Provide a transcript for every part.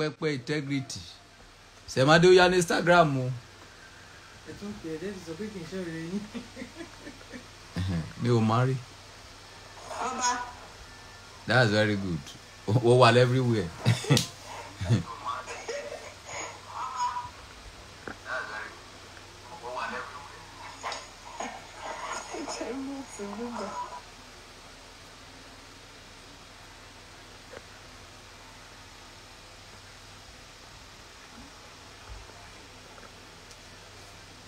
pẹ́pẹ́ integrity sẹ̀mádé ó yá ní instagram o. ẹ̀tún pè é dé ti sọ pé kì í ṣe rere yín. mi ò máa that's very good wọ́n wà everywhere.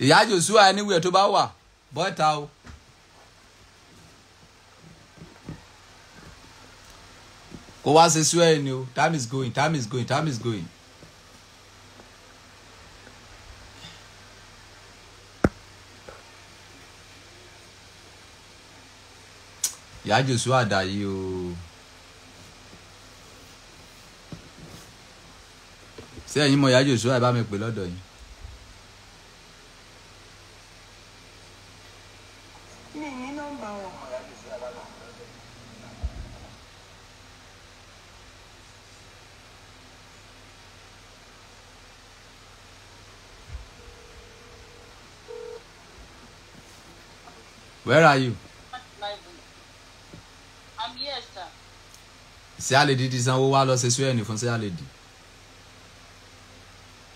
ìyá Joshua anywhere tó bá wà bọ́ta o. kó wá ṣe swearing ni o time is going time is going time is going. ìyá Joshua dàyí o. ṣé ẹ̀yin mọ̀ ìyá Joshua ẹ bá mi pè lọ́dọ̀ yìí. Where are you? I'm here, sir. Ṣé a lè di ìsanwó wá lọ ṣe sún ẹ̀nì fún ṣé a lè di?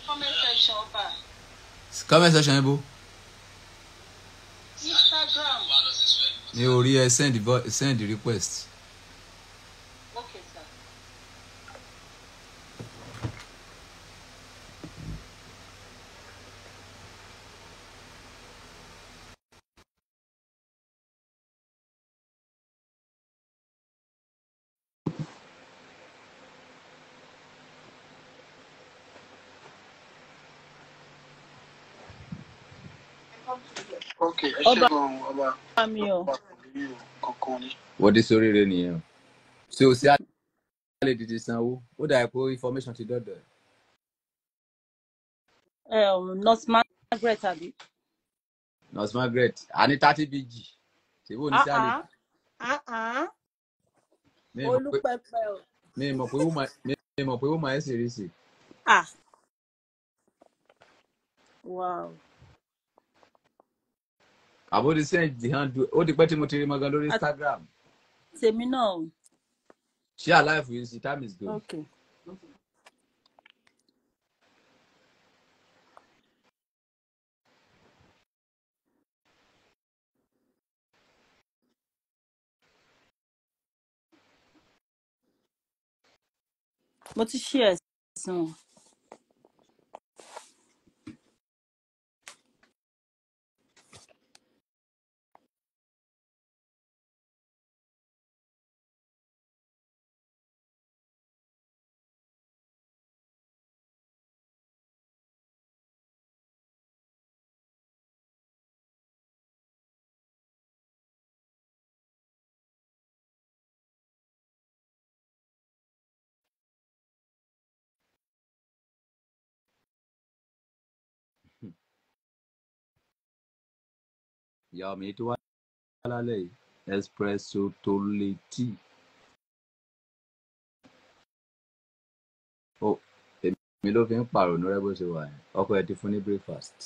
Comment section ọba. Comment section ibo. Instagram. Ní orí ẹ send request. ọba mi o. wọ́dé sórí rẹ nìyẹn ṣé o ṣe àlè dìde sanwó ó dà pé information ti dọ̀dọ̀ ẹ̀. Um, nurse margaret àbí. nurse margaret a ní thirty bg ṣé wò ní sí àlè. olùpẹpẹ o. mi mọ̀ pé ó máa ẹ̀ ṣèrèsè. wow àbó ti send the handle ó ti pẹ́ tí mo ti rí magan lórí Instagram. tèmi náà o. share life with you see time is gone. Okay. mo ti ṣe ẹ̀sìn. ìyá mi tó wá lálẹ́ espresso tó lé tíì. ó èmi ló fi ń pàrònú rẹ bó ṣe wà yẹn ọkọ ẹ ti fún ní breakfast.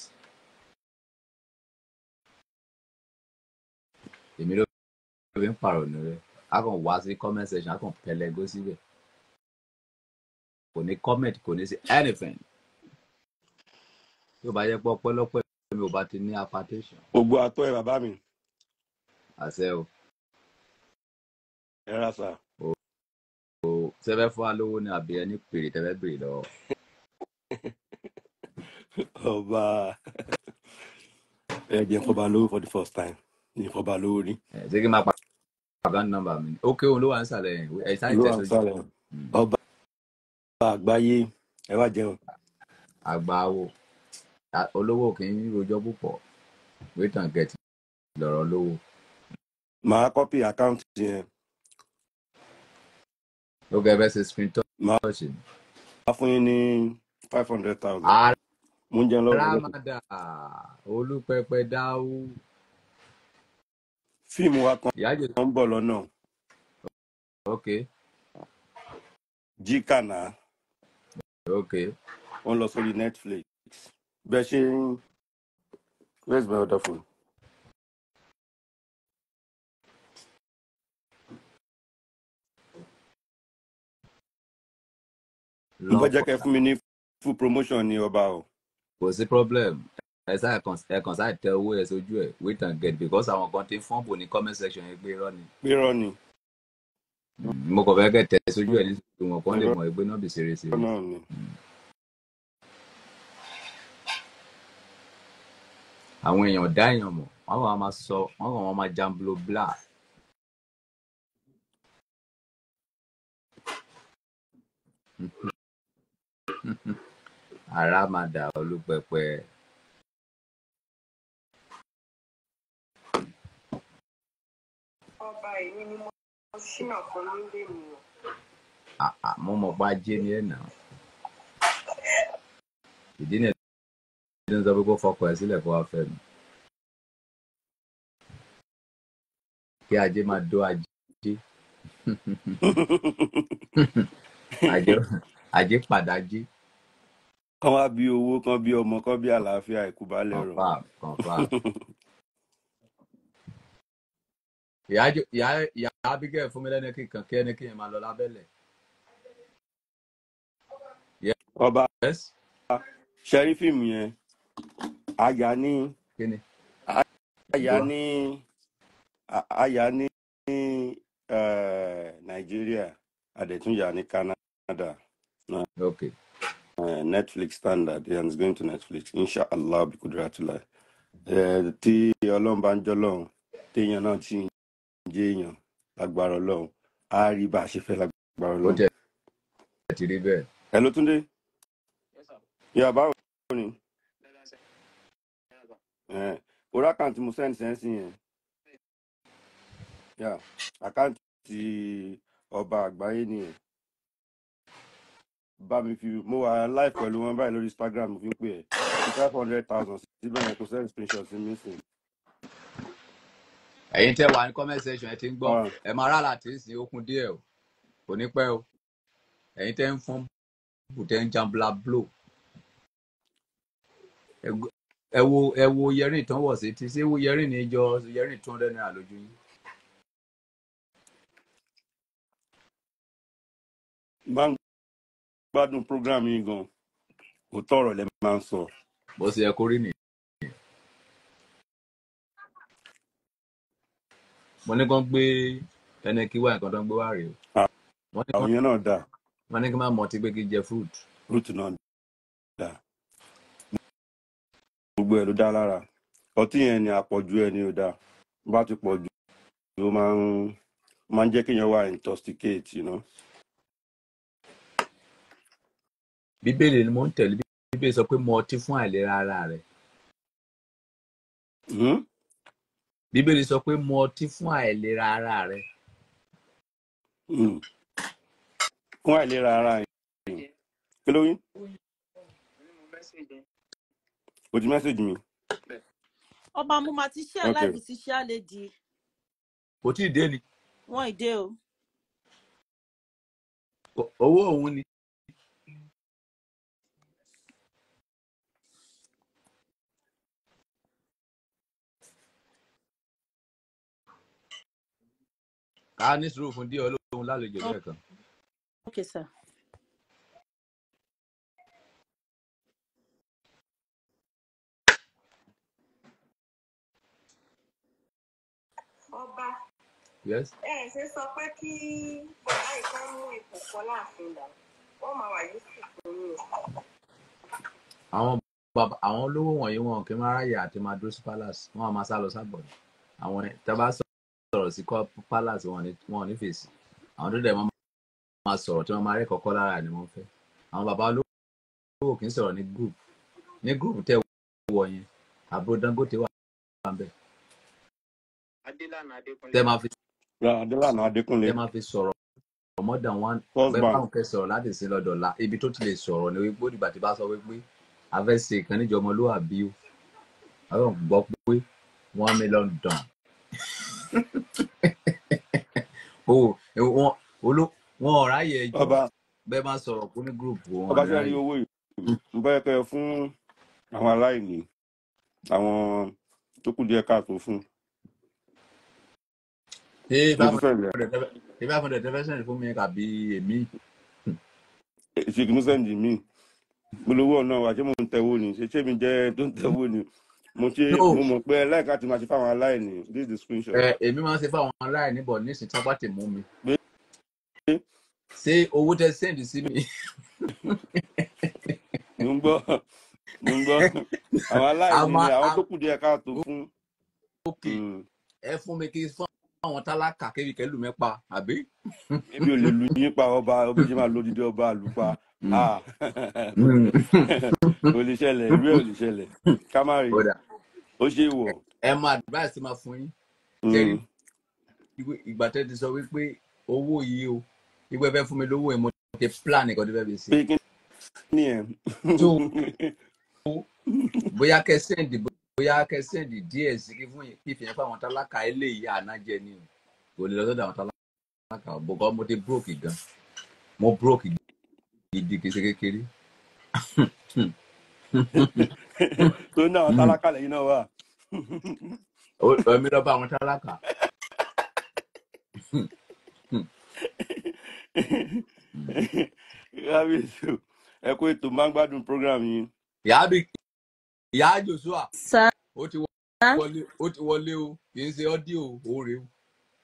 èmi ló fi ń pàrònú rẹ a kàn wá sí comment section a kàn pẹlẹgó síbẹ̀ kò ní comment kò ní sí anything tó bá yẹ pé ọpẹ́lọpẹ́ mi ò bá ti ní apatẹ́sàn. gbogbo àtọ́ ẹ bàbá mi. àṣẹ o. ẹ ra sà. o o sẹfẹ fún wa lówó ni àbí ẹni pèrè tẹfẹ bèrè lọ́wọ́. ọba ẹ jẹ́ kọba lówó for the first time ní kọba lówó rí. ẹ ṣé kí n máa pa àbá nọ́mbà mi ó kéwọn ló wà ń sàlẹ̀ ẹ sáyẹn tẹsán jù. ọba àgbáyé ẹ wá jẹun. àgbà wo olówó kì í rojọ́ púpọ̀ wait and get lọ́rọ̀ lówó. màá kọ́pì àkáǹtì yẹn. ó gẹ bẹ́ẹ̀ ṣe screen touch. màá fún yín ní five hundred thousand. mo ń jẹun lọ́wọ́. ramada olúpẹpẹ dáwó. fíìmù wa kan ń bọ̀ lọ́nà. ok. jíkànnà. ok. wọ́n lọ sórí netflix bẹ́ẹ̀ where's my other phone. lọ jẹ́ kẹ́ fún mi ní full promotion ní ọba o. kò sí problem ẹ kàn sáà tẹ owó ẹ sójú ẹ wait and get because àwọn kan ti fọ́n bò ní comment section yẹn pé irọ́ ni. pé irọ́ ni. mo kàn fẹ́ kẹ́ tẹ sójú ẹ ní wọn kàn lè mọ̀ ẹgbẹ́ náà bí ṣeré àwọn èèyàn dá èèyàn mọ̀ wọ́n kàn máa sọ wọ́n kàn máa jamblo bla. ara máa dà Olúpẹpẹ. ọba èmi ni mo ṣínà kan nílé mi o. mo mọ̀ pé ajé ni ẹ̀ nà. ìdí nìyẹn. ṣe ń sọ pé kó fọkọ ẹ̀ sílẹ̀ kó wá fẹ́ mi. kí ajé máa dó ajé ajé ajé pàdájé. kan wá bí owó kan bí ọmọ kan bí àlàáfíà ìkúbalẹ̀ rọ. ìyá abigail fún mi lẹ́nu kíkan kí ẹni kíyẹn máa lọ lábẹ́lẹ̀. ọba ṣẹ́rí fíìmù yẹn aya ní ní eh, nigeria ní Canada. Eh, Netflix standard yeah it's going to Netflix inshallah bí kudratula eh, tí Ọlọ́run bá ń jọ́ lọ́run téèyàn náà ti ń èèyàn lágbára a ṣe lágbára Eh, orí àkáǹtì mo send sẹ́ǹsì yẹn yà àkáǹtì ọba àgbáyé nìyẹn bá mi fi mo wà live pẹ̀lú wọn báyìí lórí Instagram mo fi ń pè ẹ́ five hundred thousand síbẹ̀ yẹn kò send screenshot sí mi sìn ẹ̀yin tẹ́ wà ní comment section ẹ ti ń gbọ́ ẹ máa rálà tí ń sin okun díẹ̀ o kò ní pẹ́ o ẹ̀yin tẹ́ ń fún bùtẹ́ ń jan blow ẹ wo ẹ tán wọ̀ sí ti ṣé wo yẹrìn ní jọ yẹrìn two hundred naira lójú yín. máa ń gbádùn program yín gan kò tọrọ máa sọ. bó ṣe kó rí mo ní ẹni kí nǹkan tó ń gbé wá rèé. Ah, àwọn yẹn náà dà. wọ́n ní kí máa pé kí gbogbo ẹ̀ ló dá lára ọtí ni àpọ̀jù ẹ̀ ni ó bá ti pọ̀ máa n wà bíbélì ni mo ń tẹ̀lé bíbélì sọ pé mu ọtí fún àìlera ara rẹ̀. Hmm? bíbélì sọ pé ọtí fún àìlera ara rẹ̀. Hmm. o you message me? ọba mo máa ti ṣe aláìbí ti ṣe àlè di. kò tí ì dé ni. wọn ì dé o. owó òun ni. ká ní sùúrù fún díẹ̀ olóhùn lálejò lẹ́ẹ̀kan. okay sir. ẹ ṣe sọ pé kí bọ̀dá ìkan mú ìkọ̀kọ̀ láàfin dà máa wà yìí sì àwọn olówó wọ̀nyí wọn kì í máa ráyè àti máa dúró sí palace wọn máa sá lọ sábọ̀ àwọn tẹ́bá sọ̀rọ̀ sí palace wọn ò ní àwọn tó dẹ̀ mọ́ máa sọ̀rọ̀ tí wọ́n máa rẹ́ kọ́kọ́ lára ni wọ́n fẹ́ àwọn bàbá olówó kì í sọ̀rọ̀ ní group ní group tẹ́ wọ yẹn àbúrò Dangote wà wà tẹ́ máa fi adélànà adékúnlé. ẹ máa fi sọ̀rọ̀ more than one bẹ́ẹ̀ báwọn kẹ́ sọ̀rọ̀ láti sin lọ́dọ̀ la ibi tó ti lè sọ̀rọ̀ ni wípé ó dìgbà tí bá sọ wípé afẹ́sẹ̀ kan níjọ ọmọlúwàbí o àwọn gbọ́ pé one million dàn. o oh, eh, wọn olo wọn ọ̀rá yẹ jù bẹ́ẹ̀ máa sọ̀rọ̀ kó ní gúrùpù wọn. ọba tí a rí owó yìí ń bá yẹ kẹ́ fún àwọn aláìní àwọn tó kù díẹ̀ káàtó fún ṣé five hundred tẹ́fẹ́ sẹ́yìn fún mi kàbí èmi. ṣèkìmú sẹ́ǹdì mi polówó ọ̀nà wa ṣé mo ń tẹ̀wó ni ṣé ṣé mi jẹ́ tó ń tẹ̀wó ni mo ṣe mo mọ̀ pé láìka ti máa ṣe fáwọn aláìní this is the screenshot. ẹ èmi máa ń ṣe fáwọn aláìní bọ̀ ní ìsìn tábà tè mú mi. ṣé owó tẹ sẹ́ǹdì sí mi. mo ń gbọ́ mo ń gbọ́ àwọn aláìní ni àwọn tó kù díẹ̀ káàtó fún. Hmm. ẹ fún mi kí fún àwọn tálákà kéríkẹ́ lù mẹ́pa àbí. èmi ò lè lu yín pa ọba ọba ṣe máa lo dídé ọba àlùpà olùṣẹlẹ ìwé olùṣẹlẹ kámárì ó ṣe wọ. ẹ máa advice máa fún yín hmm. ìgbà tẹ́ ti sọ wípé owó yìí o ìgbà ẹ fẹ́ fún mi lówó ẹ̀ mo ti plan nìkan tó fẹ́ fi ṣe. bóyá kẹ́ sẹ́ǹdì bó bóyá kẹsẹ̀dì díẹ̀ sí kí fún ìfìyàn fún àwọn tálákà eléyìí ànájẹ ni o kò ní lọ sọ́dọ̀ àwọn tálákà bọ̀gọ́ mo dé búròkì gan mo búròkì gidi kìí ṣe kékeré. tó ní àwọn tálákà lẹ́yìn náà wà. èmi lọ bá àwọn tálákà. kábíyèsí ẹ kó ètò máa ń gbádùn program yìí. ìyá àjòsúà. sá ó ti wọlé ó ti wọlé o kì í ṣe ọ́díò òórè o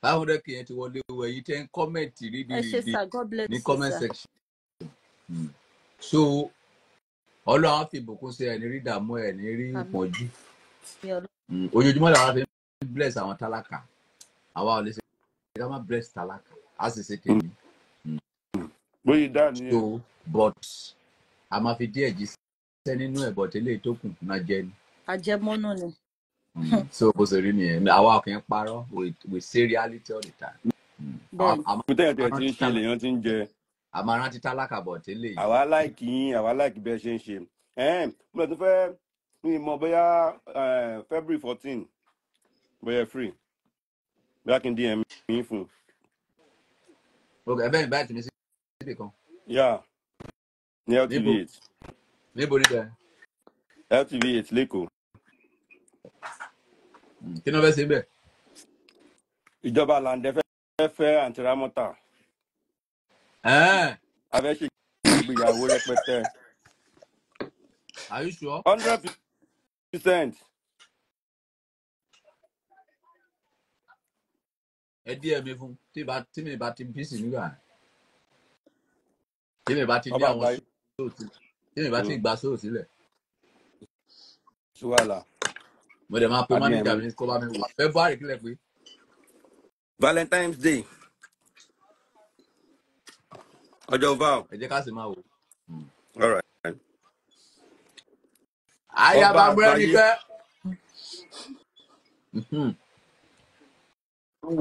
five hundred k yẹn ti wọlé o ẹ̀yin tẹ́ ń kọ́mẹ̀tì rí bí rí ní comment section. Hmm. so ọlọ́run á fi ìbùkún sí ẹni rí ìdààmú ẹni rí ìpọ́njú hmm. ojoojúmọ́ làwọn fi ń bless àwọn tálákà àwa ò lè ṣe ká má bless tálákà á sì ṣe hmm. tèmi. bóyá dá ni. so but a máa fi díẹ̀ jí sẹ́ nínú ẹ̀bọ̀ tẹ́lẹ̀ tó kù náà jẹ́ ni àjẹmọ́nú ni. Mm, so bó ṣe rí nìyẹn àwa kì í parọ́ we say reality all the time. àmọ́tẹ́ mm. ẹ̀tẹ̀ tí ń ṣe lèèyàn ti ń jẹ. àmọ́ arántí tálákà bọ̀ tẹ́lẹ̀ yìí. àwa láìkì yín àwa láìkì bẹ́ẹ̀ ṣe ń ṣe. mo lè tún fẹ́ mi mọ bóyá eh, February fourteen bóyá free bóyá kí n dm yín fún. ok ẹ bẹ́ẹ̀ báyìí tì mí sí ibi kan. yà ní LTV eight. níbo níbo níbẹ̀. LTV eight lẹ́kọ̀ọ́ kí ni wọ́n fẹ́ ṣe bẹ́ẹ̀. ìjọba làǹdẹ fẹ́ fẹ́ àǹtírámọ́tà. a fẹ́ ṣe ìgbéyàwó rẹpẹtẹ. Are you sure? hundred percent. ẹ díẹ̀ mi fún tí mi bá ti bí sí nígbà tí mi bá ti ní àwọn sóòtì tí mi bá ti mm. gbà sóòtì lẹ̀. ṣùgbọ́n àlà mo dẹ̀ máa pe manager mi kó bá mi wò february kílẹ̀ pé. valentine's day ọjọ́ val. ẹ jẹ́ ká sì máa wò. àyà bá gbẹ́rẹ́ ní fẹ́. Hmm.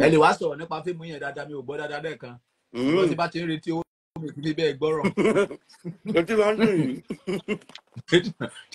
ẹ lè wá sọ̀rọ̀ nípa fíìmù yẹn dáadáa mi ò gbọ́ dáadáa lẹ́ẹ̀kan. wọ́n hmm. ti bá ti ń retí owó mi kí bẹ́ẹ̀ gbọ́rọ̀.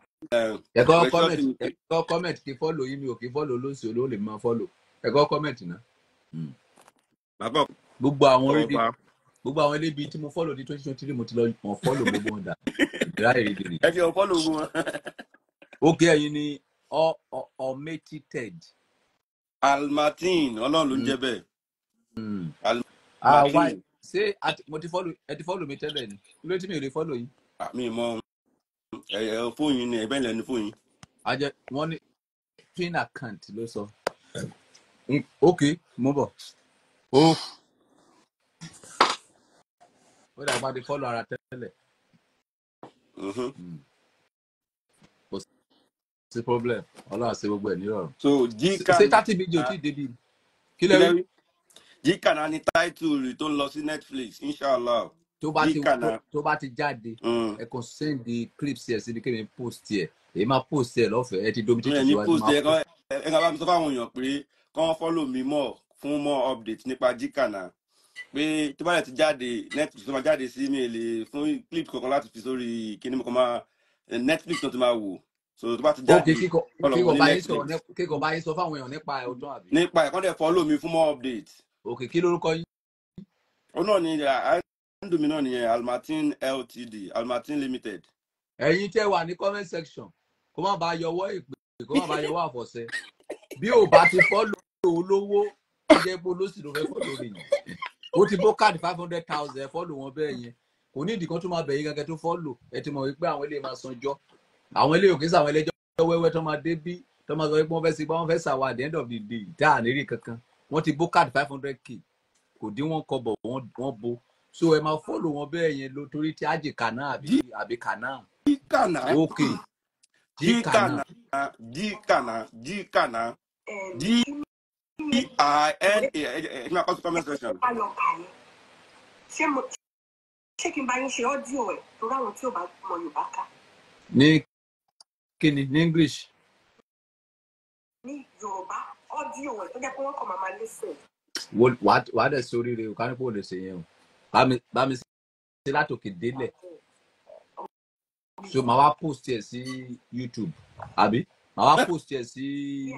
ẹ̀kọ́ comment ẹ̀kọ́ comment kí follow yín mi ò kí follow lóṣù olówó lè máa follow ẹ̀kọ́ comment náà. Hmm. gbogbo àwọn rédíò gbogbo àwọn elébi tí mo follow ní twenty twenty three mo ti lọ mọ̀ follow gbogbo wọn dà ìdíráyè ìdírí. ẹ fi ọ follow ogun wọn. ókè ẹ̀yin ni ọmẹtí ted. almartin ọlọ́run ló ń hmm. jẹ́ bẹ́ẹ̀. Hmm. almartin. Ah, ṣé mo ti follow ẹ ti follow mi tẹ́lẹ̀ ni kí ló ti mi ò lè follow yín. àmì ah, ìmọ̀ ẹ fóònù yín ni ẹ bẹ́ẹ̀ lẹ́nu fóònù yín. àjẹ wọn ní pin account ló sọ ok mo bọ̀ ó dàgbà di fọ́lọ̀ ara tẹ́lẹ̀ hmm. kò sí problem ọlọ́run ṣe gbogbo ẹ̀ nírọ̀rùn. so jíkà ṣé thirty million ti débi kí lẹ́rìí. jíkà náà ni táìtù rẹ̀ tó ń lọ sí netflix inshallah tó bá ti tó bá ti jáde ẹ kàn send the clips yẹn sí ni kéde post yẹ èyí máa post yẹ lọ́fẹ̀ẹ́ ẹ ti domi títí tí wàá ti máa post. ẹ ká bá mi sọ fáwọn èèyàn pé kán fọ́lọ̀ mi mọ̀ fún mọ́ update nípa gkana pé tó bá yẹ ti jáde netflix tó máa jáde sí mi lè fún clip kankan láti fi sórí kíní mọ̀kàn máa netflix náà ti máa wò so tó bá ti jáde fọ́lọ̀ mi ní netflix. kíkọ̀ bá yín sọ fáwọn èèyàn nípa ọdún àbí. nípa ẹ̀kọ́ dẹ̀ fọ́lọ̀ mi fún mọ́ update. òkè kí lórúkọ yín. ó náà ni handle mi náà nìyẹn almartin ltd almartin limited. ẹ̀yin tẹ́ wà ní comment section kó má bàa yọwọ́ ìpè kó má bàa yọwọ́ àfọ̀ṣẹ bí ò bá ti fọ́lù olówó ẹgbẹ́ epo ló sì ló fẹ́ fọ́lù rẹ̀ yẹn ó ti bó káàdì five hundred thousand fọ́lù wọn bẹ́ẹ̀ yẹn kò ní ìdí kan tó máa bẹ̀yìn gẹ́gẹ́ tó fọ́lù ẹ ti mọ̀ wípé àwọn ilé máa sanjọ́ àwọn ilé òkè sàwọn ẹlẹ́jọ́ wẹ́wẹ́ tó máa dé bí tó máa sọ pé wọ́n fẹ́ sí wọ́n fẹ́ sàwọn at the end of the day dáa nírì kankan wọ́n ti bó káàdì five hundred k kò dín wọn kọ bọ̀ wọ́n bo so ẹ máa fọ́lò wọn bẹ́ẹ̀ yẹn lọ torí tí ájì kànáà àbí kànáà. jí kànáà ok jí kànáà jí kànáà jí kànáà jí n kí n bá yín ṣe ọ́díò ní English. wàá dẹ̀ sórí rẹ̀ o ká kó lè ṣe yẹn o bá mi bá mi ṣe látòkè délẹ̀ so màá wá post ẹ̀ sí YouTube àbí màá wá post ẹ̀ sí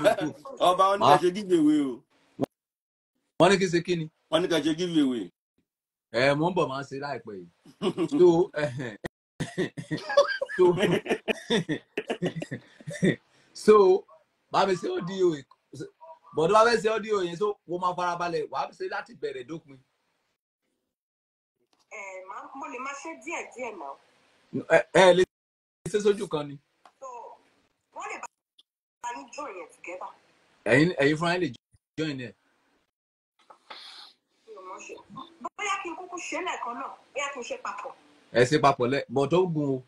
YouTube. ọba wọn ní ká ṣe giveaway o. wọ́n ní kí ṣe kí ni. wọ́n ní ká ṣe giveaway. ẹ mò ń bọ̀ máa ṣe láìpẹ́ yìí so so so bá mi ṣe audio bọ̀dọ̀ bá fẹ́ ṣe audio yẹn so wọ́n máa farabalẹ̀ wàá ṣe láti bẹ̀rẹ̀ dópin mo lè máa ṣe díẹ̀ díẹ̀ náà. ẹ ẹ lè ṣe sójú kan ni. wọ́n lè bá ní join yẹn together. ẹ̀yin ẹ̀yin fúnra lè join yẹn. bóyá kí n kúkú ṣe lẹ́ẹ̀kan náà bóyá kí n ṣe papọ̀. ẹ ṣe papọ̀ lẹ bọ̀ tó gùn o.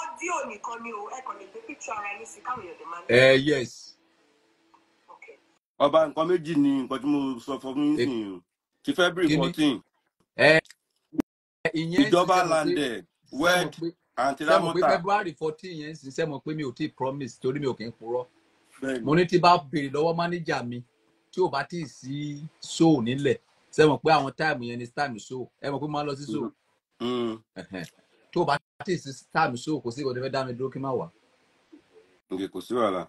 ọ́díò nìkan ni o ẹ kàn lè gbé picture ara yín sí káwọn èèyàn lè máa. ẹ yes. ọba nǹkan méjì ni nǹkan tí mo sọ fún yín sìn tí February fourteen ìyẹn ìjọba landed wed antiramota sẹ́mo february fourteen yẹn sì sẹ́mo pé mi ò tí promise torí mi ò kí ń purọ́ mo ní tí bá béèrè lọ́wọ́ mánéjà mi tí ò bá tí ì sí show nílẹ̀ sẹ́mo pé àwọn táìmù yẹn ni táìmù show ẹ mọ̀ pé mo máa lọ sí show mm. Mm. tí ò bá tí ì sí táìmù show kò sí ìwọ́n tó fẹ́ dá mi dúró kí n má wà. ǹjẹ́ kò sí wàhálà.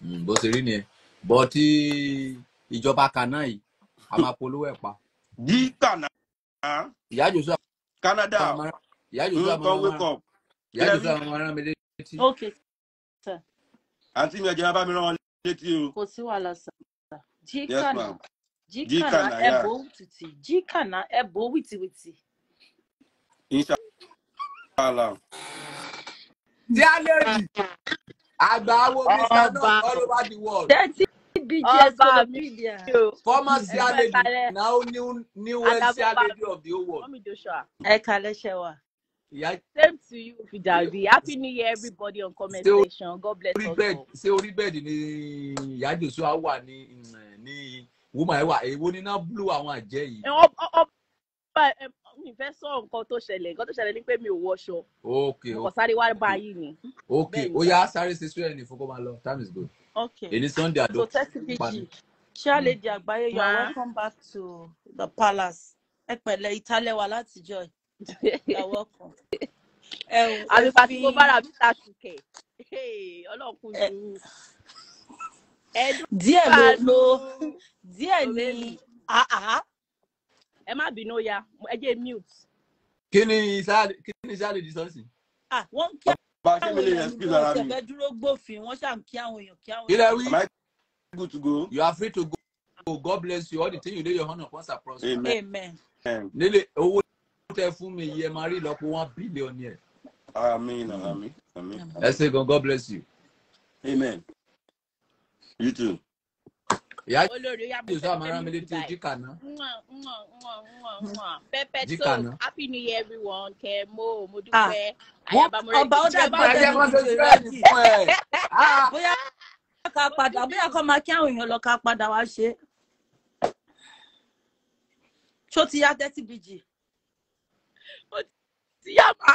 Hmm, bó ṣe rí nìyẹn bọ́ tí ìjọba kan náà yìí a máa polówó ẹ̀ pa. yí gbà náà. ìyá jòsó Canada nǹkan wake up. ìyá ìjọba àwọn ará mi létí. ok sir. àǹtí mi ẹ̀jẹ̀ bá mi rán wọn létí o. kò sí wàhálà sà. jíkànà jíkànà ẹ̀bọ̀ wìtìtì jíkànà ẹ̀bọ̀ wìtìwìtì. inṣàlá. díálẹ́jì àgbà awo mr north all over the world. BGS gonna be there. Former Sia now new new Sia of the whole world. Ẹ kálẹ́ ṣé wà. Same to you, Fidabi. Happy New Year, everybody on comment section. God bless us all. Ṣé orí bẹ́ẹ̀dì ni Ìyá Joshua wà ní ní wúmọ̀ ẹ̀wà èwo níná blú àwọn àjẹ́ yìí. Ọba mi fẹ́ sọ nǹkan tó ṣẹlẹ̀ nǹkan tó ṣẹlẹ̀ ni pé mi ò wọṣọ. Ok ok. Mo kàn sáré wá báyìí ni. Ok, ó yá sáré ṣe swear ni fún kó máa Time is good. Okay. Any Sunday, So don't. 30 PG. Ṣá Lady Àgbáyé, you are Ma. welcome back to the palace. Ẹ pẹ̀lẹ́ ìtálẹ̀ wa láti You are welcome. Ẹ wò, ẹ àbí pàtí fi mo bára mi ta sùkẹ̀ ọlọ́kùn ẹ- sùúrù ẹ̀ẹ́dùn díẹ̀ ló ló pàánù díẹ̀ ní ọ̀rẹ́ mi àá ẹ má bínú ó ya ẹ jẹ́ mute. Kí ni Sá- kí ni Sá lè di sọ́ọ̀sì? Ah, bá ṣe mi lè excuse ara mi. ilẹ̀ wí. good to go. you are free to go. Oh, God bless you all the things you lay your honor. upon shall prosper. amen. nílé owó tẹ fún mi yẹ máa rí ìlọ́po one billion yẹn. amen amen amen. ẹ ṣe gan God bless you. amen. you too ìyá olórí yà bọ̀ sẹ́yìn pẹ́pẹ́ tó happy new year everyone kẹ́ mo mo ah, dúpẹ́ ayabamore ọba ó dàgbà bóyá kọ́ máa kí àwọn èèyàn lọ ká padà wá ṣe ṣó ti yá thirty bg. ó ti yá ma.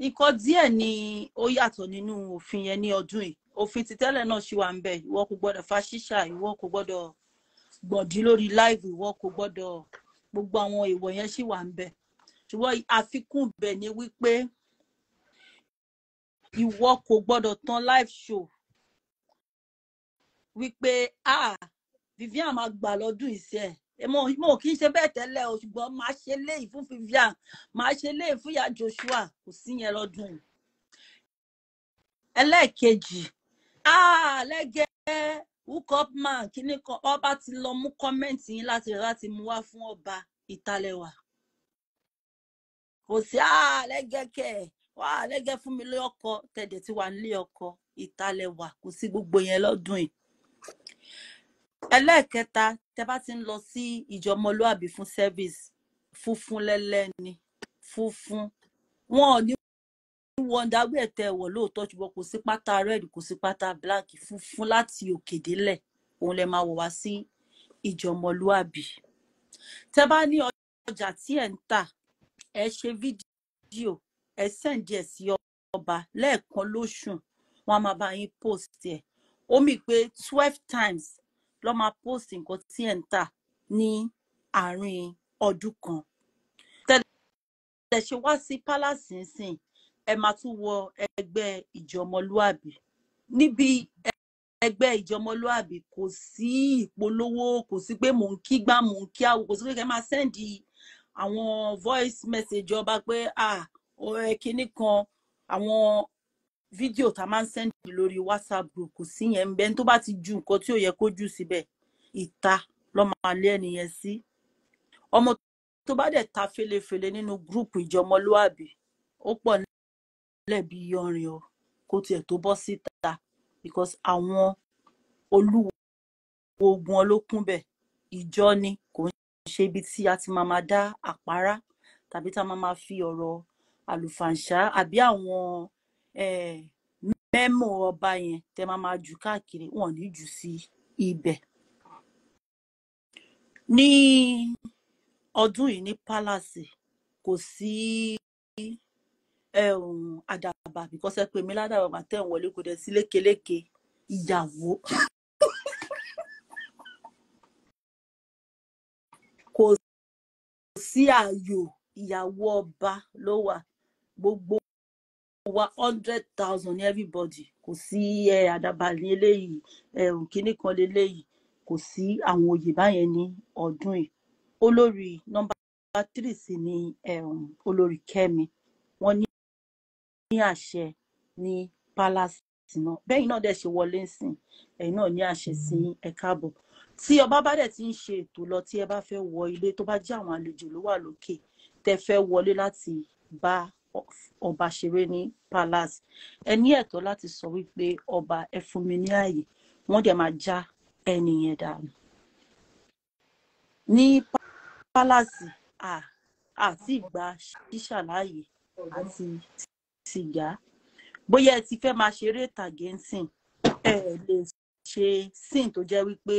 nǹkan díẹ̀ ni ó yàtọ̀ nínú òfin yẹn ní ọdún yìí òfin ti tẹ́lẹ̀ náà ṣì wà ń bẹ̀ ìwọ kò gbọ́dọ̀ fa ṣíṣà ìwọ kò gbọ́dọ̀ gbọ̀dí lórí láìvù ìwọ kò gbọ́dọ̀ gbogbo àwọn èèwọ̀ yẹn ṣì wà ń bẹ̀ ṣùgbọ́n àfikún bẹ̀ ni wípé ìwọ kò gbọ́dọ̀ tán live show wípé ah Vivian máa gbà lọ́dún ìṣe ẹ̀ mo kì í ṣe bẹ́ẹ̀ tẹ́lẹ̀ o ṣùgbọ́n máa ṣe léyìí fún Vivian máa ṣe léyìí fún ìyá Joshua kò sí yẹn lọ́dún ẹlẹ́ẹ̀kejì Ah, Lẹ́gẹ́ Ukopman kìíní kan ọba ti lọ mú kọ́mẹ́ǹtì yín láti rẹ̀ láti mú wá fún ọba ìtalẹ̀wà. Kò sí ah, Lẹ́gẹ́ kẹ̀ wá Lẹ́gẹ́ fún mi lé ọkọ tẹ̀dẹ̀ tí wà nílé ọkọ ìtalẹ̀wà kò sí gbogbo yẹn lọ́dún yìí. Ẹlẹ́ẹ̀kẹta tẹ bá ti ń lọ sí ìjọmọlúàbí fún service funfun lẹ́lẹ́ ni funfun wọn ò ní tún wọ underwear tẹ wọ̀ lóòótọ́ ṣùgbọ́n kò sí pátá red kò sí pátá black funfun láti òkè délẹ̀ òun lè máa wọ̀ wá sí ìjọmọlúàbí tẹ bá ní ọjà tí ẹ ń tà ẹ ṣe fídíò ẹ sẹ́ǹdì ẹ̀ sí ọba lẹ́ẹ̀kan lóṣù wọn a máa bá yín post ẹ̀ ó mì pé twelve times ló máa post nǹkan tí ẹ ń tà ní àárín ọdún kan tẹ̀lé ṣe wá sí palace nísìn ẹ máa tún wọ ẹgbẹ́ ìjọmọlúàbí níbi ẹgbẹ́ ìjọmọlúàbí kò sí ìpolówó kò sí pé mò ń kí gbá mò ń kí àwò kò sí pé kẹ́ máa sẹ́ndì àwọn voice message ọba pé ah ọ̀rẹ́ kinní kan àwọn fídíò tá a máa ń sẹ́ndì lórí whatsapp group kò sí yẹn ń bẹ tó bá ti ju nǹkan tí ò yẹ kó jù síbẹ̀ ìta lọ́mọ alẹ́ nìyẹn sí ọmọ tó bá dẹ̀ ta felefele nínú gúrùpù ìjọmọlúàbí ó pọ̀ lẹ́bi iyanrìn o kó tiẹ̀ tó bọ́ síta because àwọn olúwo ogun olókùn bẹ̀ ìjọ ni kò ń ṣe ibi tí a ti máa ma dá àpárá tàbí tá a máa ma fi ọ̀rọ̀ àlùfàǹṣá àbí àwọn mẹ́mọ̀ ọba yẹn tẹ máa ma jù káàkiri wọn ní jù sí ibẹ̀. ní ọdún yìí ní palace kò sí. Um, adaba because ẹ pè mí ládàbà máa tẹ̀ ń wọlé kò dẹ̀ sí lékeleke ìyàwó. kò sí ààyò ìyàwó ọba ló wà gbogbo wa hundred thousand ní everybody kò sí ẹ àdàbà ní eléyìí ẹ òkínní kan léléyìí kò sí àwọn oyè báyẹn ní ọdún yìí olórí nọ́mbà three sì ni olórí Kẹ́mi ní àṣẹ ní palace. náà bẹ́yìn náà dẹ̀ ṣe wọlé sìn ẹ̀yin náà ní àṣẹ sí ẹ káàbọ̀ tí ọba bá dẹ̀ ti ń ṣe ètò lọ tí ẹ bá fẹ́ wọ ilé tó bá jẹ́ àwọn àlejò ló wà lókè tẹ́ fẹ́ wọlé láti bá ọba ṣeré ní palace ẹ ní ẹ̀tọ́ láti sọ wípé ọba ẹ fún mi ní ààyè wọ́n dẹ̀ máa já ẹni yẹn dànù ní palace àti ìgbà ṣíṣàlàyé àti sìgá bóyá ẹ ti fẹ́ máa ṣeré ìtàgé ńsìn ẹ lè ṣe sìn tó jẹ́ wípé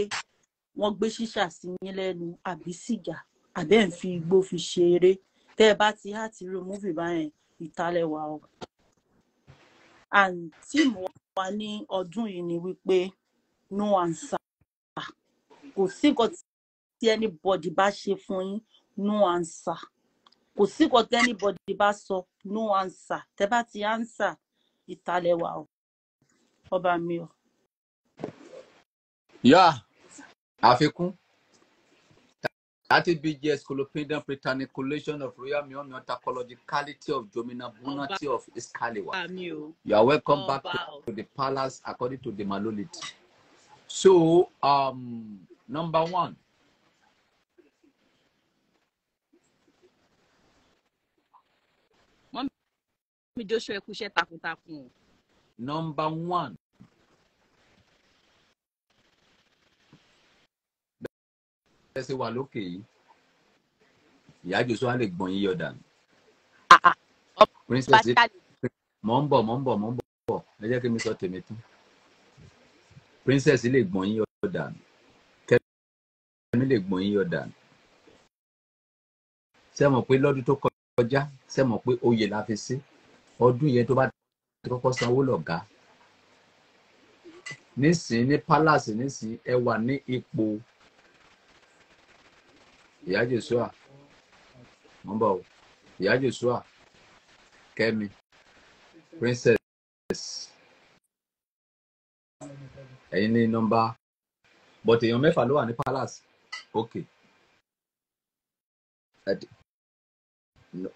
wọ́n gbé ṣíṣà sí yín lẹ́nu àbí sìgá àbẹ́ ń fi igbó fi ṣeré tẹ́ ẹ bá ti há ti rí múfì báyẹn ìtalẹ̀wà o. àǹtí mo wà ní ọdún yìí ni wípé no answer kò sí nǹkan tí anybody bá ṣe fún yín no answer kò sí nǹkan tẹ́ anybody bá sọ no answer tẹ́ bá ti answer ìtàlẹ̀ wà o ọba mi o. yá àfikún that bgs colopendant pretaniculation of royal muon tachologicality of jomina bonati of iskaliwa you are welcome back to, to the palace according to the malolith so um, number one mi Joshua kú iṣẹ́ takuntakun o. number one. bẹ́ẹ̀ ṣe wà lókè yìí ìyá Joshua lè gbọ̀n yíyọ dànù. Ah, ah, princess mọ̀ ń bọ̀ mọ̀ ń bọ̀ mọ̀ ń bọ̀ ẹ jẹ́ kí mi sọ tèmi tán princess lè gbọ̀n yín ọ̀dà kẹ́mi lè gbọ̀n yín ọ̀dà ṣé mọ̀ pé lọ́dún tó kọjá ṣé pé oyè la fi sí ọdún yẹn tó bá ti kọ́kọ́ sanwó lọ̀gá nísìn ní palace nísìn ẹ wà ní ipò ìyá Joshua wọn bọ ìyá Joshua Kẹ́mi princess ẹ̀yin ní nọ́mbà but èèyàn mẹ́fà ló wà ní palace ok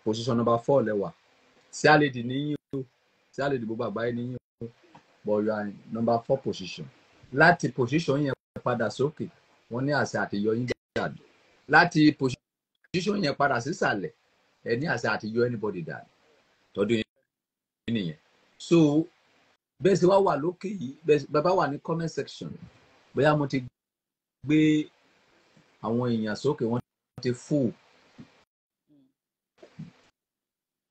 position number four lẹ́wà salad níyìn o salad gbogbo àgbáyé níyìn o but you are number four position láti position yẹn padà sókè wọ́n ní àṣẹ àtìyọ yín dànù láti position yẹn padà sísàlẹ̀ ẹ ní àṣẹ àtìyọ anybody dànù tọdún yẹn nìyẹn so bẹ́ẹ̀ sì wá wà lókè yìí bàbá wà ní comment section bóyá mo ti gbé àwọn èèyàn sókè wọ́n ti fún un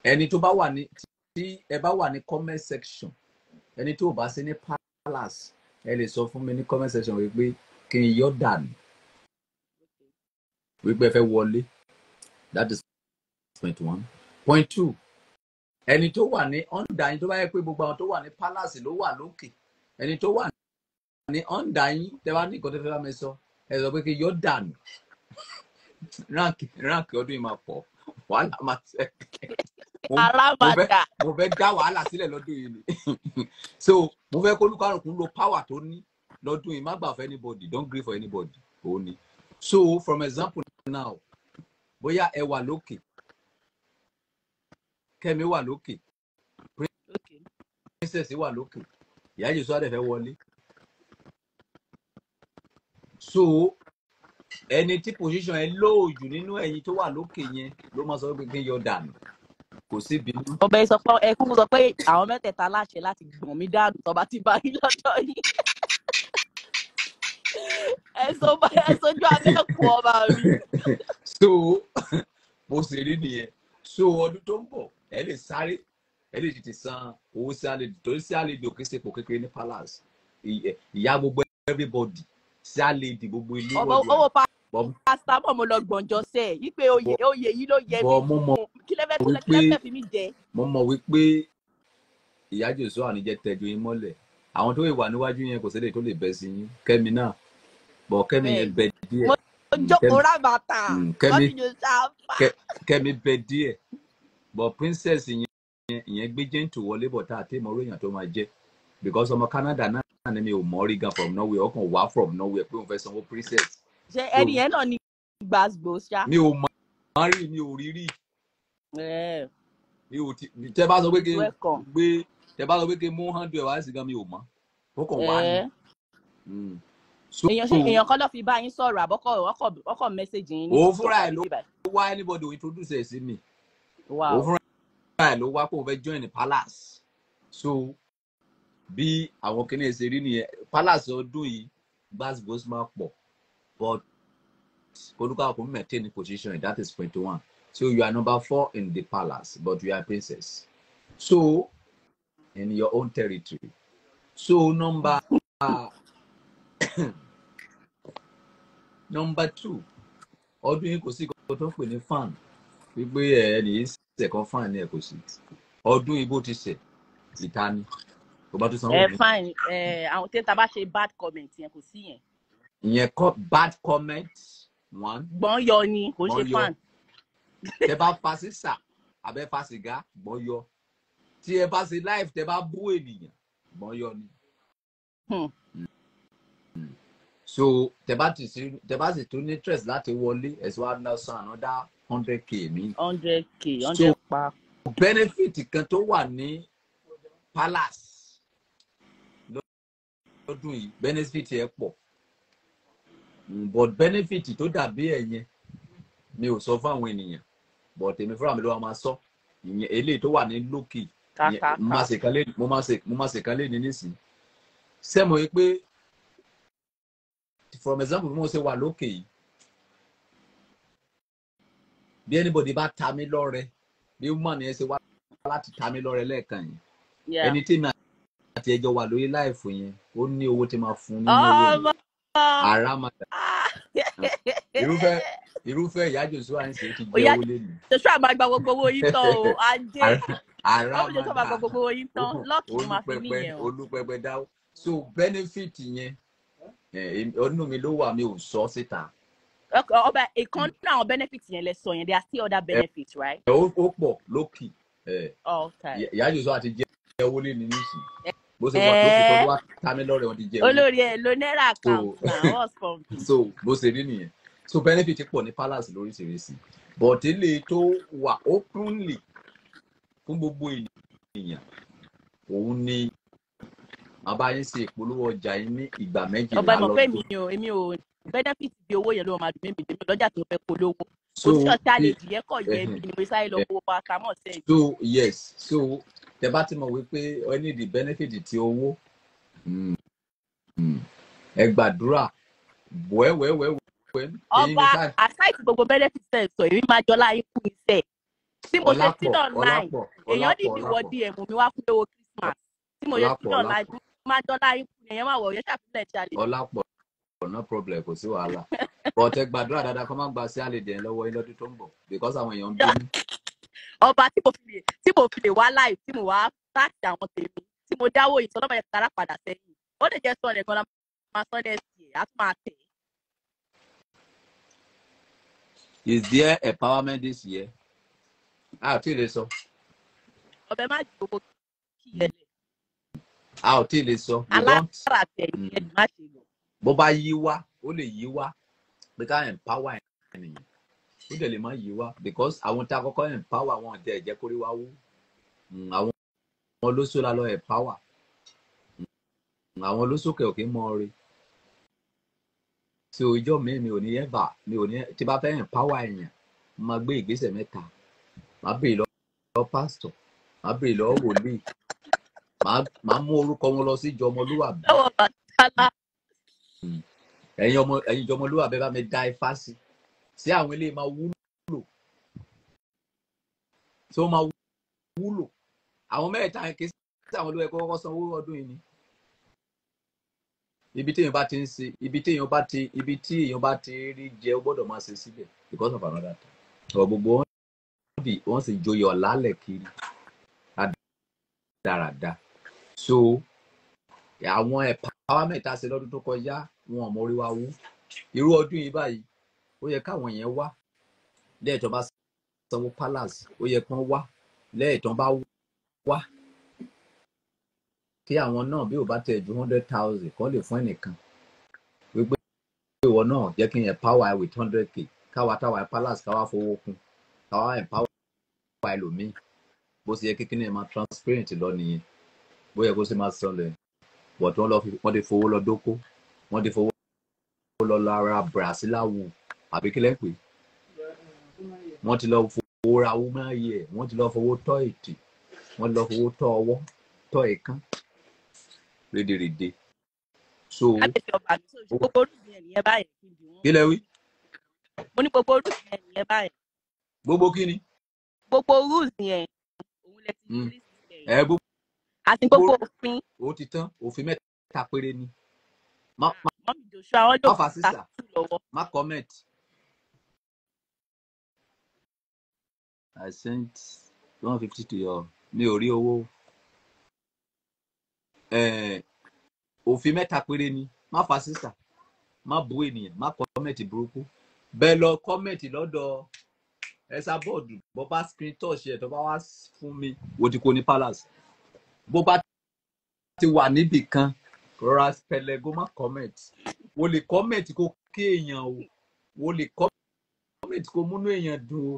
ẹni tó bá wà ní tí ẹ bá wà ní comment section ẹni tó bá sí ní palace ẹ lè sọ fún mi ní comment section wípé kí n yọ dànù wípé ẹ fẹ́ wọlé that is point one point two ẹni tó wà ní ọ̀ǹda yín tó bá yẹ pé gbogbo àwọn tó wà ní palace ló wà lókè ẹni tó wà ní ọ̀ǹda yín tẹ bá ní nǹkan tó fẹ́ bá mi sọ ẹ sọ pé kí n yọ dànù ránkì ránkì ọdún yìí máa pọ̀ wàhálà máa tẹ̀ alábàtà. mo fẹ́ dá wàhálà sílẹ̀ lọ́dún yìí ni so mo fẹ́ kólúkàrùnkùn lo power tó ní lọ́dún yìí má gbà for anybody don't gree for anybody òun ni so from example now bóyá ẹ wà lókè kẹ́mi wà lókè princess wà lókè ìyá jésù àdẹ̀fẹ́ wọlé so ẹni tí position ẹ lóòjù nínú ẹ̀yin tó wà lókè yẹn ló máa sọ pé kí n yọ dànù kò sí bínú. ọbẹ sọ pé ẹkún sọ pé àwọn mẹ́tẹ̀ẹ̀ta láṣẹ láti gbọn mi dáàbò tọba ti bá yín lọ́dọ̀ yìí ẹsọ ẹsọjú abẹ́kù ọba mi. so bó ṣe rí nìyẹn so ọdún tó ń bọ̀ ẹ lè sáré ẹ lè tètè san owó sí àlejò torí sí àlejò kì í ṣe pò kékeré ní palace ìyá gbogbo everybody sí àlejò gbogbo ilé wọ̀nyí. ọwọ́ pa pásítà bọ̀ mo lọ gbọ̀njọ sẹ́ ẹ̀ yí pé oyè oyè yìí ló yẹ mí fún kí lẹ́fẹ̀ fún kí lẹ́fẹ̀ fi mí jẹ. mo mọ̀ wípé ìyá jòsó àníjẹ́ tẹ́jú yín mọ́lẹ̀ àwọn tó wà níwájú yẹn kò sẹ́lẹ̀ tó lè bẹ́ sí yín kẹ́mi náà bọ̀ kẹ́mi yẹn bẹ díẹ̀. mo jókòó rábàtà wọ́n ti jòsó àfà. kẹ́mi bẹ díẹ̀ bọ̀ princess yẹn ìyẹn gbé gentle wọlé bọ̀ tá a tẹ́ mọ́ ròyìn tó máa jẹ́ because ọmọ Canada náà ni mi ò mọ̀ rí gan from Norway ọkàn wá from Norway pé òun fẹ́ sanwó princess ṣe ẹni yẹn náà ni gbàgbó ṣá. mi ò mọ rí mi ò rí rí mi ò ti tẹ bá sọ pé gbé tẹ bá sọ pé kí n mú hundred wá sí gan mi ò mọ ó kàn wá ní. Hmm. èèyàn kan ló fi bá yín sọ̀rọ̀ àbọ̀kọ̀ ọkọ̀ mẹ́sẹ̀gì yín. òun fúnra ẹ̀ ló wá anybody ò introduce ẹ̀ sí mi òun fúnra ẹ̀ ló wá pé òun fẹ́ join the palace so bí àwọn kìnìún ṣe rí nìyẹn palace ọdún yìí gbàgbó máa pọ̀ but Koluka Akpom maintain the position, that is twenty-one. So you are number four in the palace, but you are princess. So, in your own territory. So number uh, number two, ọdún yìí kò sí kò tó ń pè ní fan wípé eh, ẹni yìí ṣẹ̀kọ́ fan ni ẹ kò sí ọdún yìí bó ti ṣẹ̀ ìta ni kò bá tún sanwó. ẹ eh, fine ẹ eh, àwọn tí ta bá ṣe bad comment yẹn kò sí yẹn ìyẹn bad comment one. gbọ́n yọ ni kò ṣe fan. tẹ bá fa sísà abẹ fa sìgá gbọ́n yọ tí ẹ bá ṣe live tẹ bá bú ènìyàn gbọ́n yọ ni. Hmm. Hmm. so tẹ bá ti sí tẹ bá sì tún ní interest láti wọlé ẹsùn wa náà san another hundred k mi. hundred k hundred pa. so benefit kan tó wà ní palace lọ́dún yìí benefit yẹn pọ̀. Mm, but benefit tó dàbí ẹ̀ yẹn mi ò sọ fún àwọn ènìyàn but èmi fúnra mi ló wà máa sọ ìyẹn eléyìí tó wà ní lókè mo máa ṣèkan lé ní nísìnyí sẹ́mo yìí pé for example mo ṣe wà lókè yìí bí anybody bá ta mí lọ́rẹ bí woman yẹn ṣe wá láti ta mí lọ́rẹ lẹ́ẹ̀kan yìí ẹni tí mi àti ẹjọ́ wà lórí láìfò yẹn ó ní owó tí máa fún ní owó yẹn. Ah, aramada ah. ah. irúfẹ́ irúfẹ́ ìyá joshua ń ṣe kí gbé owó lé mi. joshua máa gba gbogbo owó yín tán o ajé báwo joshua máa gba gbogbo owó yín tán lọ́ọ̀kì máa fi mí yẹn o. olùpẹpẹ dáwọ so benefit yẹn ọdún mi ló wà mi ò sọ síta. ọba ìkan náà àwọn benefit yẹn lè sọ yẹn there are still other benefits right. ó pọ̀ lókì ìyá joshua ti jẹ́ owó lé mi nísìnyí bó ṣe wà tó fi tọ́jú eh, wá ta mí lọ́rẹ̀ ọdí jẹ́ olórí ẹ̀ ló náírà account na us company. so bó ṣe rí nìyẹn so benefit pọ̀ ní palace lóríṣiríṣi but ilé tó wà openly fún gbogbo ènìyàn òun ni bàbá yín ṣe ìpolówó ọjà yín ní ìgbà méjìlá lọ́dún. ọba ìmọ̀ pé mi ò èmi ò benefit bí owó yẹn ló máa dùn mí mi lọ́jà tó fẹ́ polówó kò sí ọ̀tá lè dìyẹ́kọ̀ yẹn mi ni mo sáré lọ eh, wo pàtàmọ́ sẹ́yìn. so yes so tẹ bá ti mọ̀ wípé ẹ ní ìdí benefit ti owó hmm. Hmm, ẹ gbàdúrà wẹ́wẹ́wẹ́wẹ́. ọba aside gbogbo benefit ṣe sọ èmi máa jọ láyé fún iṣẹ́ tí mo ṣe sílọ láì èèyàn dìbò wọ dm mi wá fún owó Christmas tí mo ṣe sílọ láì máa jọ láyé fún èèyàn máa wọ̀ ọ̀yẹ́ ṣàfihàn ìṣàlẹ̀. ọlápọ̀ no problem kò sí wàhálà but ẹ gbàdúrà dáadáa kó má gba sí àlejò yẹn lọ́wọ́ yín lọ́dún tó ń bọ̀ because àwọn èèyàn ń bínú. ọba tí mo fi lè tí mo fi lè wá láì tí mo wá táàkì àwọn tèmi tí mo dáwó yìí sọlọ́mọ kára padà sẹ́yìn ó lè jẹ́ sọ̀rọ̀ ẹ̀gbọ́n máa sọ next year á tún máa tẹ̀. is there empowerment this year? a ò tí ì lè sọ. ọbẹ̀ má jù owó kí ẹ lẹ̀. a ò tí ì lè sọ. alágbára tẹ̀ hmm. ẹ̀ má ṣe lọ. bó bá yí wá ó lè yí wá pé ká empower ẹ̀ nìyẹn ó dẹ̀ lè má yé wa because àwọn tá a kọ́kọ́ empower àwọn ọ̀tẹ̀ ẹ̀jẹ̀ kórè wa wú àwọn mm, àwọn olóṣó la lọ empower mm, àwọn olóṣókè òkè mọ ọrẹ tí ọjọ́ mi mi ò ní ẹ̀bà mi ò ní tí bá fẹ́ empower èèyàn máa gbé ìgbésẹ̀ mẹ́ta máa bèèrè lọ pásítọ̀ máa bèèrè lọ wòlíì máa mú orúkọ wọn lọ sí ìjọmọlúwàbí mm. ẹ̀yin ìjọmọlúwàbí bá mi dá ifá sí sí àwọn eléyìí máa wúlò tó máa wúlò àwọn mẹ́ta kì í sí àwọn olóyè kọ́kọ́ sanwó ọdún yìí ni ibi tí èèyàn bá ti ń ṣe ibi tí èèyàn bá ti ibi tí èèyàn bá ti rí jẹ ó gbọ́dọ̀ máa ṣe síbẹ̀ because of another time ọ̀ gbogbo wọn di wọn sì joyè ọ̀làlẹ̀ kiri dáradára so àwọn empowerment tá a ṣe lọ́dún tó kọjá wọn ò mọ orí wa wú irú ọdún yìí báyìí ó yẹ káwọn yẹn wá lẹ́ẹ̀tọ́ bá sanwó palace ó yẹ kán wá lẹ́ẹ̀tọ́ bá wá kí àwọn náà bí ò bá tẹ̀ ju hundred thousand kọ́ lè fún ẹnìkan wípé ìwọ náà jẹ́ kí n empower with hundred k káwa táwa palace káwa fowó kún káwa empower ẹlòmíì bó ṣe yẹ kí kíni ẹ máa transparent lọ nìyẹn bó yẹ kó ṣe máa sọlẹ̀ bọ̀tún wọ́n ti fowó lọ dóko wọ́n ti fowó lọ lọ ara Brazil awo àbí kílẹ̀ pé wọ́n ti lọ fowó ra woman year wọ́n ti lọ fowó tọ́ ètè wọ́n lọ fowó tọ́ ọwọ́ tọ́ ẹ̀kán rédèrèdè. so gbogbo orúkọ yẹn nìyẹn báyìí kí n bí wọn. kílẹ̀ wí. mo ní gbogbo orúkọ yẹn nìyẹn báyìí. gbogbo kí ni. gbogbo rules yẹn òun lè ti rí hmm. sílẹ̀ yẹn. àti gbogbo òfin. ó ti tán òfin mẹ́ta péré ni. mọ́mí joshua wọ́n lò ó ká lọ́wọ́. má comment. I sent one fifty to your mi ò rí owó òfin mẹ́ta péré ni má fa sísà má bú ènìyàn má kọ́mẹ̀tì burúkú bẹ́ẹ̀ lọ kọ́mẹ̀tì lọ́dọ̀ ẹ̀sà bọ́ọ̀dù bó bá screen touch ẹ̀ tó bá wá fún mi wo ti kó ní palace bó bá ti wà níbì kan rọra pẹlẹgó má kọ́mẹ̀tì wo lè kọ́mẹ̀tì kó kí èèyàn o wo lè kọ́mẹ̀tì kó múnú èèyàn dùn o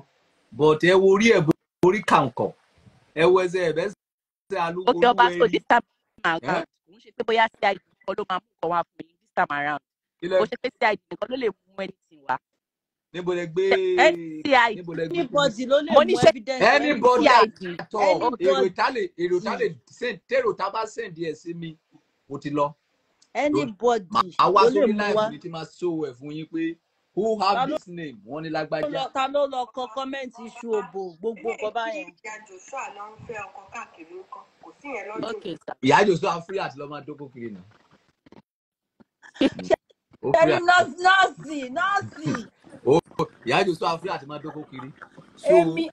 but ẹ wo orí ẹ̀ borí kàǹkọ̀ ẹ wo ẹsẹ̀ ẹ̀ bẹ́sẹ̀ ṣe alúgbó lórí. ọjọba so this time around kò ń ṣe pé bóyá cid nìkan ló máa mú nǹkan wá fún yín this time around kò ṣe pé cid nìkan ló lè mú anything wá. níbo lè gbé níbo lè gbé anybody ló lè mú evidence anybody àtọ èrò ìta lè èrò ìta lè hmm. tèrò ta bá sèǹdì ẹ sí mi mo ti lọ. anybody ló lè mú wá àwa sórí láìpẹ́ tí máa ṣòwò ẹ̀ fún yín pé who have this name wọ́n ní lágbájá. ta ló lọ kọ kọ́mẹ́ǹtì iṣu òbò gbogbo ọkọ̀ báyẹn. ìyá joshua ló ń fẹ́ ọkọ káàkiri ìyá joshua free àti lọ́ọ́ máa dókò kiri nà. ẹni nọ́ọ̀sì nọ́ọ̀sì. ìyá joshua free àti máa dókò kiri. èmi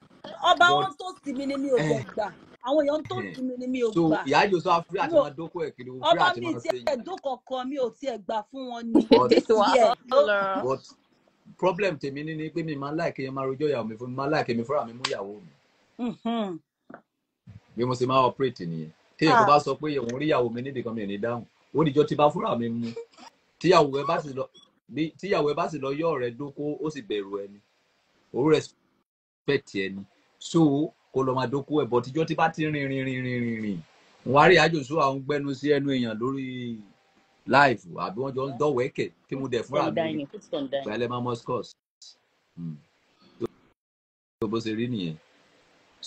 ọba wọn tó sì mí ni mi ò gbọ́ eh. gbà àwọn èèyàn tó kí eh. mi ni mi ò gbà. ìyá ìjọsọ àfúrà àti máa dókò ẹ kiri òfúrà àti máa ọba mi ti ẹ̀ dókò kan mi ò tiẹ̀ gbà fún wọn ni. problem tèmi ní ni pé mi máa ń láìkè yẹn máa rojọ́ ìyàwó mi fún mi máa ń láìkè mi fúnra mi mú ìyàwó mi. Mm-hmm. bí mo ṣe máa operate nìyẹn téèyàn kò ah. bá sọ pé òun rí ìyàwó mi nídìí kan mi ní dáhùn ó níjọ́ tí bá fúnra mi mú tíyàwó ẹ bá sì lọ tíyàwó ẹ bá sì lọ yọ ọ̀rẹ́ dóko ó sì bẹ̀rù ẹni ó respect ẹni so kó lọ máa dóko ẹ bọ tíjọ́ tí bá ti rìn rìn rìn rìn rìn wàá rí àjòsó àwọn gbẹnu sí ẹnu èèyàn lórí láìfù àbí wọ́n jọ ń dọ̀wẹ́kẹ̀ kí mo dẹ̀ fúnra mi pẹ̀lẹ́ máa moscos tó bó ṣe rí nìyẹn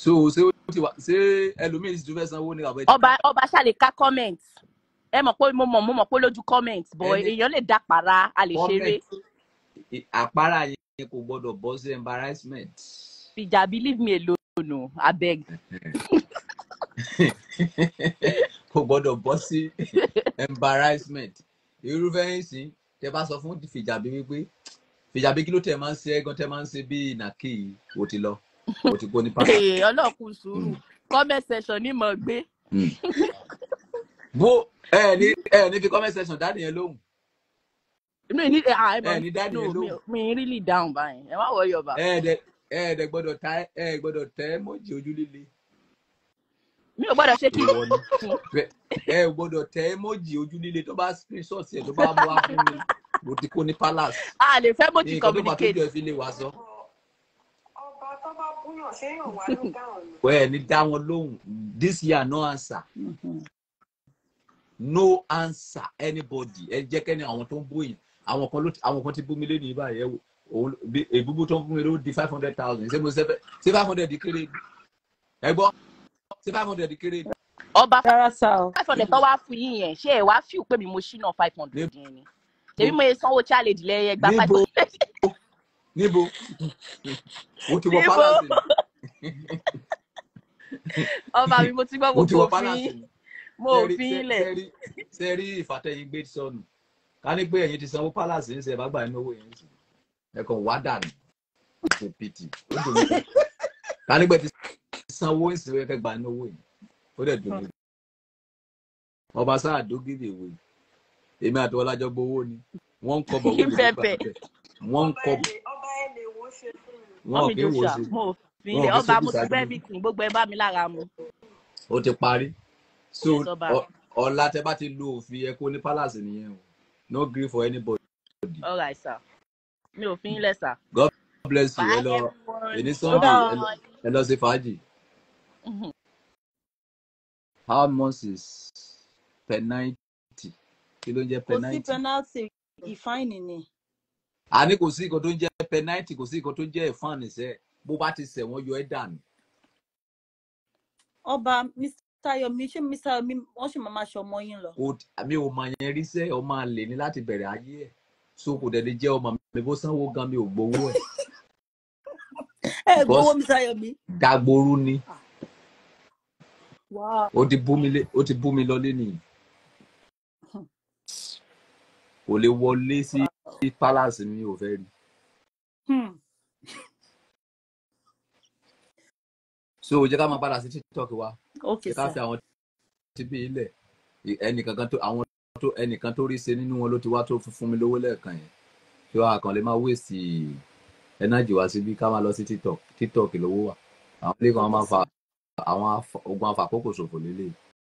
so ṣé ó ti wá ṣé ẹlòmíín ti tún fẹ́ sanwó ní àbẹ̀tẹ̀. ọba ọba ṣàlè ká comment ẹ mọ̀ pé mo mọ̀ mo mọ̀ pé lójú comment bọ̀ èèyàn lè dá para a lè ṣeré. àpárá yẹn kò gbọdọ̀ bọ́ sí embarrassment. ìjà believe me alone abeg. kò gbọ́dọ̀ bọ́ sí embarrassment irúfẹ́ yín sí tẹ bá sọ fún fìjàbí wípé fìjàbí kí ló tẹ máa ń ṣe ẹgan tẹ máa ń ṣe bí ìnàkì ò ti lọ ò ti kó ní pàtó. ọlọ́kùn sùúrù hmm. comment section ní mọ̀ gbé. Hmm. wo ẹ ní ẹ ní fi comment section dáàdì yẹn lóhùn. mi ní ẹ ẹ ní dáàdì yẹn lóhùn. mi really down báyìí ẹ má wọ yọba. ẹ ẹ dẹ gbọ́dọ̀ tẹ ẹ gbọ́dọ̀ tẹ mọjì ojú líle mi ò gbọ́dọ̀ ṣe kí ni. ẹ ò gbọ́dọ̀ tẹ emoji ojú líle tó bá screenshot ẹ tó bá mú wá fún mi mo ti kó ní palace. a lè fẹ́ mo communicate. nǹkan tó bá tó jọ ṣé yàn wá ló dáhùn. wẹ́ẹ̀ ni dá lóhùn this year no answer. no answer anybody ẹ jẹ́ kẹ́ni àwọn tó ń bóyìn àwọn kan ló àwọn kan ti bú mi lé ní ibà yẹ wò èbúbú tó ń fún mi ló di five hundred thousand ṣé mo ṣe five hundred kéré ẹ gbọ́ ṣé five hundred kéré ni. ọba five hundred tó wá fún yín yẹn ṣé ẹ wá fíù pé mi mo ṣínà five hundred yẹn ni tèmi mo yẹ sanwó challenge lẹ́yìn ẹgbàá five hundred. níbo o ti wọ palace ọba mi mo ti gbọ́ gbogbo òfin mo òfin ilẹ̀. ṣe rí ìfàtẹ́yìn gbé sọnù ká ní pé ẹ̀yin ti sanwó palace ń ṣe bá gbà nínú owó yẹn ẹ̀kọ́ wádà ní ìṣèpìtì ká ní pé ti sanwó ìsìnkú kẹ́kẹ́ gbà ní owó yìí ó dẹ̀ dùn mí. ọba sáà dógìrì ìwé èmi àti ọlájọ gbowó ni wọ́n ń kọ́ bọ̀ wọ́n lè gbà bẹ́ẹ̀ wọ́n ń kọ́ bọ̀ wọ́n kì í wo ṣe wọ́n ọba mo ti gbẹ́ bìtì gbogbo ẹ bá mi lára mu. ó ti parí so ọ̀la tẹ bá ti lo òfin ẹ kó ní palace nìyẹn o no gree for anybody. all right sir mi ò fi ń lẹ̀ sà. God bless you ẹ lọ èyí sunday ẹ lọ ṣe fàájì. How much is penalty? Kí ló ń jẹ́ Kò sí penalty? penalty ìfáìnì ni. A ní kò sí nǹkan tó ń jẹ́ penalty, kò sí nǹkan tó ń jẹ́ ìfáàní sẹ́. Bó bá ti ṣẹ̀ wọ́n yọ ẹ́ dànù. Ọba Mr. Yomi ṣé Mr. Yomi wọ́n ṣì máa ma ṣe ọmọ yín lọ. Kò- Mi ò mọ̀ yẹn rí sẹ́, ọmọ àlè ni láti bẹ̀rẹ̀ ayé ẹ̀. So kò dẹ̀ lè jẹ́ ọmọ mi bó sanwó gan mi ò gbowó ẹ̀. Ẹ gbowó Because Mr. Yomi. dagboru ó ti bú mi lé ó ti bú mi lọlé nìyí kò lè wọlé sí palace mi ò fẹ́ rí. Hmm. so jẹ́ ká máa padà sí tiktok wa jẹ́ ká fi àwọn tí bí ilẹ̀ ẹnìkankan tó àwọn tó ẹnìkan tó rí ṣe nínú wọn ló ti wá tó fún mi lówó lẹ́ẹ̀kan yẹn tí wàá kàn lè máa wéèsì ẹnájì wá síbi ká máa lọ sí tiktok tiktok lówó wà àwọn ilé kan máa fa Àwọn ogun afàkókò ṣòfò lélẹ́yìí.